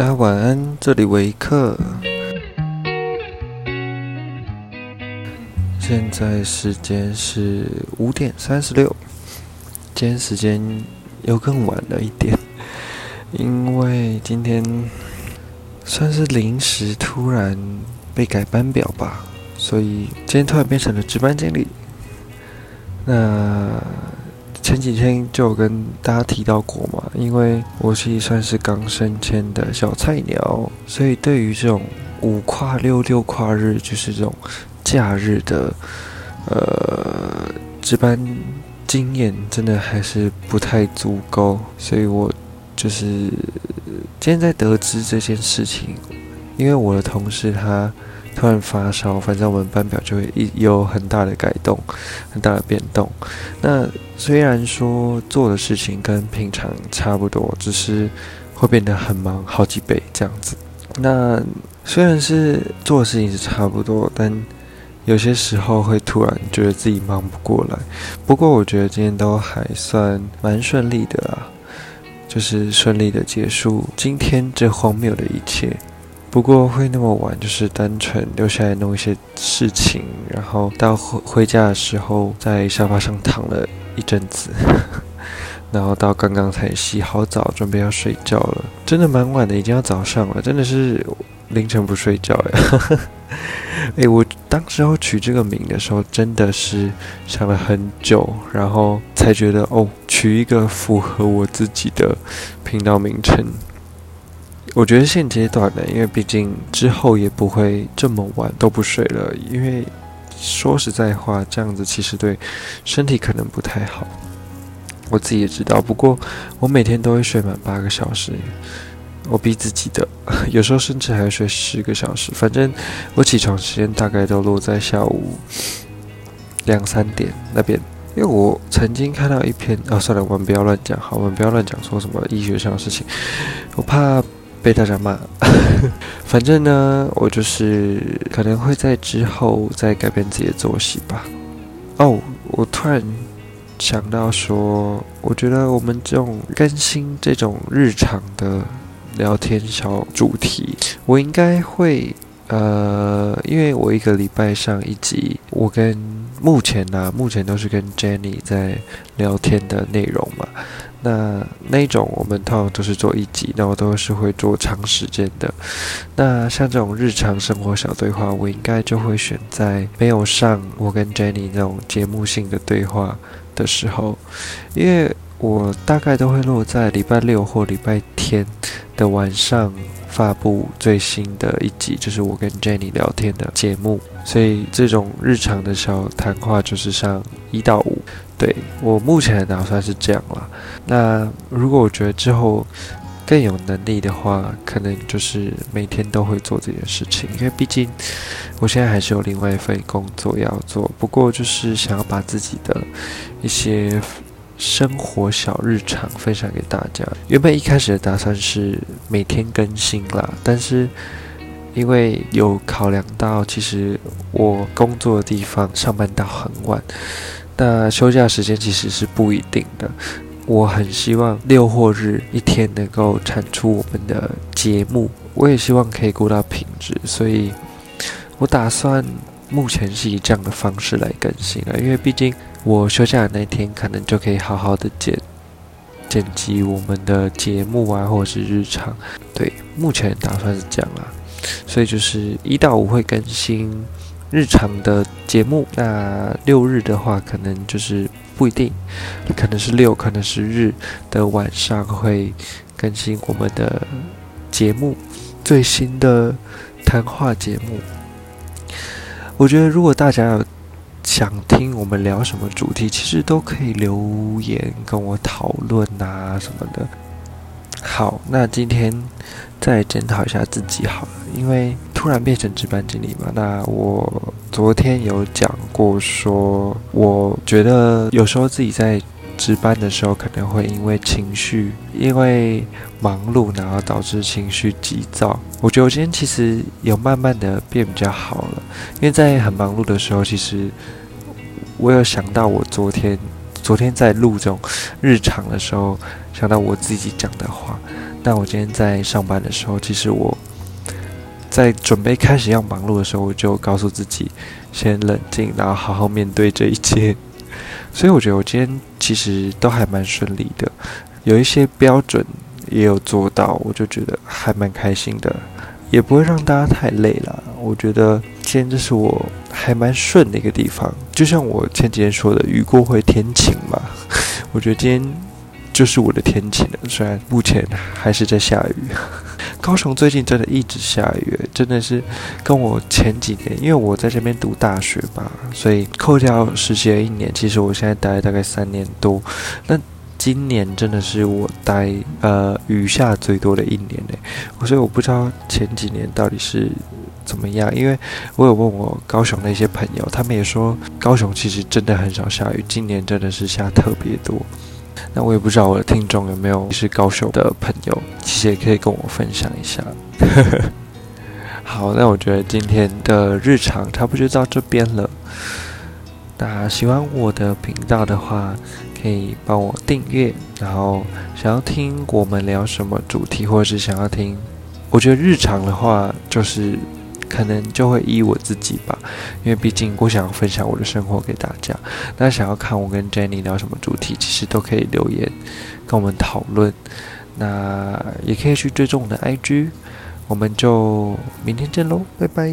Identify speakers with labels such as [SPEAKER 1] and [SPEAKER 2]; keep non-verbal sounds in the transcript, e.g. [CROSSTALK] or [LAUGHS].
[SPEAKER 1] 大家晚安，這裡維克。現在時間是五點三十六分，今天時間又更晚了一點，因為今天算是臨時突然被改班表吧，所以今天突然變成了值班經理。那。前幾天就有跟大家提到過嘛，因為我其實算是剛升遷的小菜鳥，所以對於這種五跨六六跨日就是這種假日的呃值班經驗，真的還是不太足夠，所以我就是今天在得知這件事情，因為我的同事他。突然發燒，反正我們班表就會一有很大的改動，很大的變動。那雖然說做的事情跟平常差不多，只是會變得很忙好幾倍這樣子。那雖然是做的事情是差不多，但有些時候會突然覺得自己忙不過來。不過我覺得今天都還算蠻順利的啦、啊，就是順利的結束今天這荒謬的一切。不過會那麼晚，就是單純留下來弄一些事情，然後到回回家的時候，在沙發上躺了一陣子，然後到剛剛才洗好澡，準備要睡覺了，真的蠻晚的，已經要早上了，真的是凌晨不睡覺呀。哎，我當時候取這個名的時候，真的是想了很久，然後才覺得哦，取一個符合我自己的頻道名稱。我覺得現階段呢，因為畢竟之後也不會這麼晚都不睡了。因為說實在話，這樣子其實對身體可能不太好。我自己也知道。不過我每天都會睡滿八個小時，我逼自己的。有時候甚至還要睡十個小時。反正我起床時間大概都落在下午兩三點那邊。因為我曾經看到一篇……哦，算了，我們不要亂講。好，我們不要亂講，說什麼醫學上的事情，我怕。被大家罵。 [LAUGHS] 反正呢，我就是可能會在之後再改變自己的作息吧。哦、oh，我突然想到說，我覺得我們這種更新這種日常的聊天小主題，我應該會呃，因為我一個禮拜上一集，我跟目前呢、啊，目前都是跟 Jenny 在聊天的內容嘛。那那種我們通常都是做一集，那我都是會做長時間的。那像這種日常生活小對話，我應該就會選在沒有上我跟 Jenny 那種節目性的對話的時候，因為我大概都會落在禮拜六或禮拜天的晚上發布最新的一集，就是我跟 Jenny 聊天的節目。所以這種日常的小談話就是上一到五。對，我目前的打算是這樣啦。那如果我覺得之後更有能力的話，可能就是每天都會做這件事情。因為畢竟我現在還是有另外一份工作要做，不過就是想要把自己的一些生活小日常分享給大家。原本一開始的打算是每天更新啦，但是因為有考量到，其實我工作的地方上班到很晚。那休假時間其實是不一定的，我很希望六或日一天能夠產出我們的節目，我也希望可以顧到品質，所以我打算目前是以這樣的方式來更新了。啊，因為畢竟我休假的那一天可能就可以好好的剪剪輯我們的節目啊，或者是日常，對，目前打算是這樣啦。啊，所以就是一到五會更新。日常的節目，那六日的話，可能就是不一定，可能是六，可能是日的晚上會更新我們的節目，最新的談話節目。我覺得如果大家有想聽我們聊什麼主題，其實都可以留言跟我討論啊什麼的。好，那今天再檢討一下自己好了，因為突然變成值班經理嘛。那我昨天有講過說，說我覺得有時候自己在值班的時候，可能會因為情緒，因為忙碌，然後導致情緒急躁。我覺得我今天其實有慢慢的變比較好了，因為在很忙碌的時候，其實我有想到我昨天。昨天在錄這種日常的時候，想到我自己講的話，那我今天在上班的時候，其實我在準備開始要忙碌的時候，我就告訴自己，先冷靜，然後好好面對這一切。所以我覺得我今天其實都還蠻順利的，有一些標準也有做到，我就覺得還蠻開心的。也不會讓大家太累了，我覺得今天這是我還蠻順的一個地方。就像我前幾天說的，雨過會天晴嘛，我覺得今天就是我的天晴了。雖然目前還是在下雨，高雄最近真的一直下雨，欸，真的是跟我前幾年，因為我在這邊讀大學嘛，所以扣掉實習了一年，其實我現在待了大概三年多，那今年真的是我待呃雨下最多的一年，所以我不知道前幾年到底是怎麼樣，因為我有問我高雄的一些朋友，他們也說高雄其實真的很少下雨，今年真的是下特別多。那我也不知道我的聽眾有沒有是高雄的朋友，其實也可以跟我分享一下。 [LAUGHS] 好，那我覺得今天的日常差不多就到這邊了。那喜歡我的頻道的話，可以幫我訂閱，然後想要聽我們聊什麼主題，或者是想要聽，我覺得日常的話就是可能就會依我自己吧，因為畢竟我想要分享我的生活給大家。那想要看我跟 Jenny 聊什麼主題，其實都可以留言跟我們討論。那也可以去追蹤我的 IG，我們就明天見嘍，拜拜。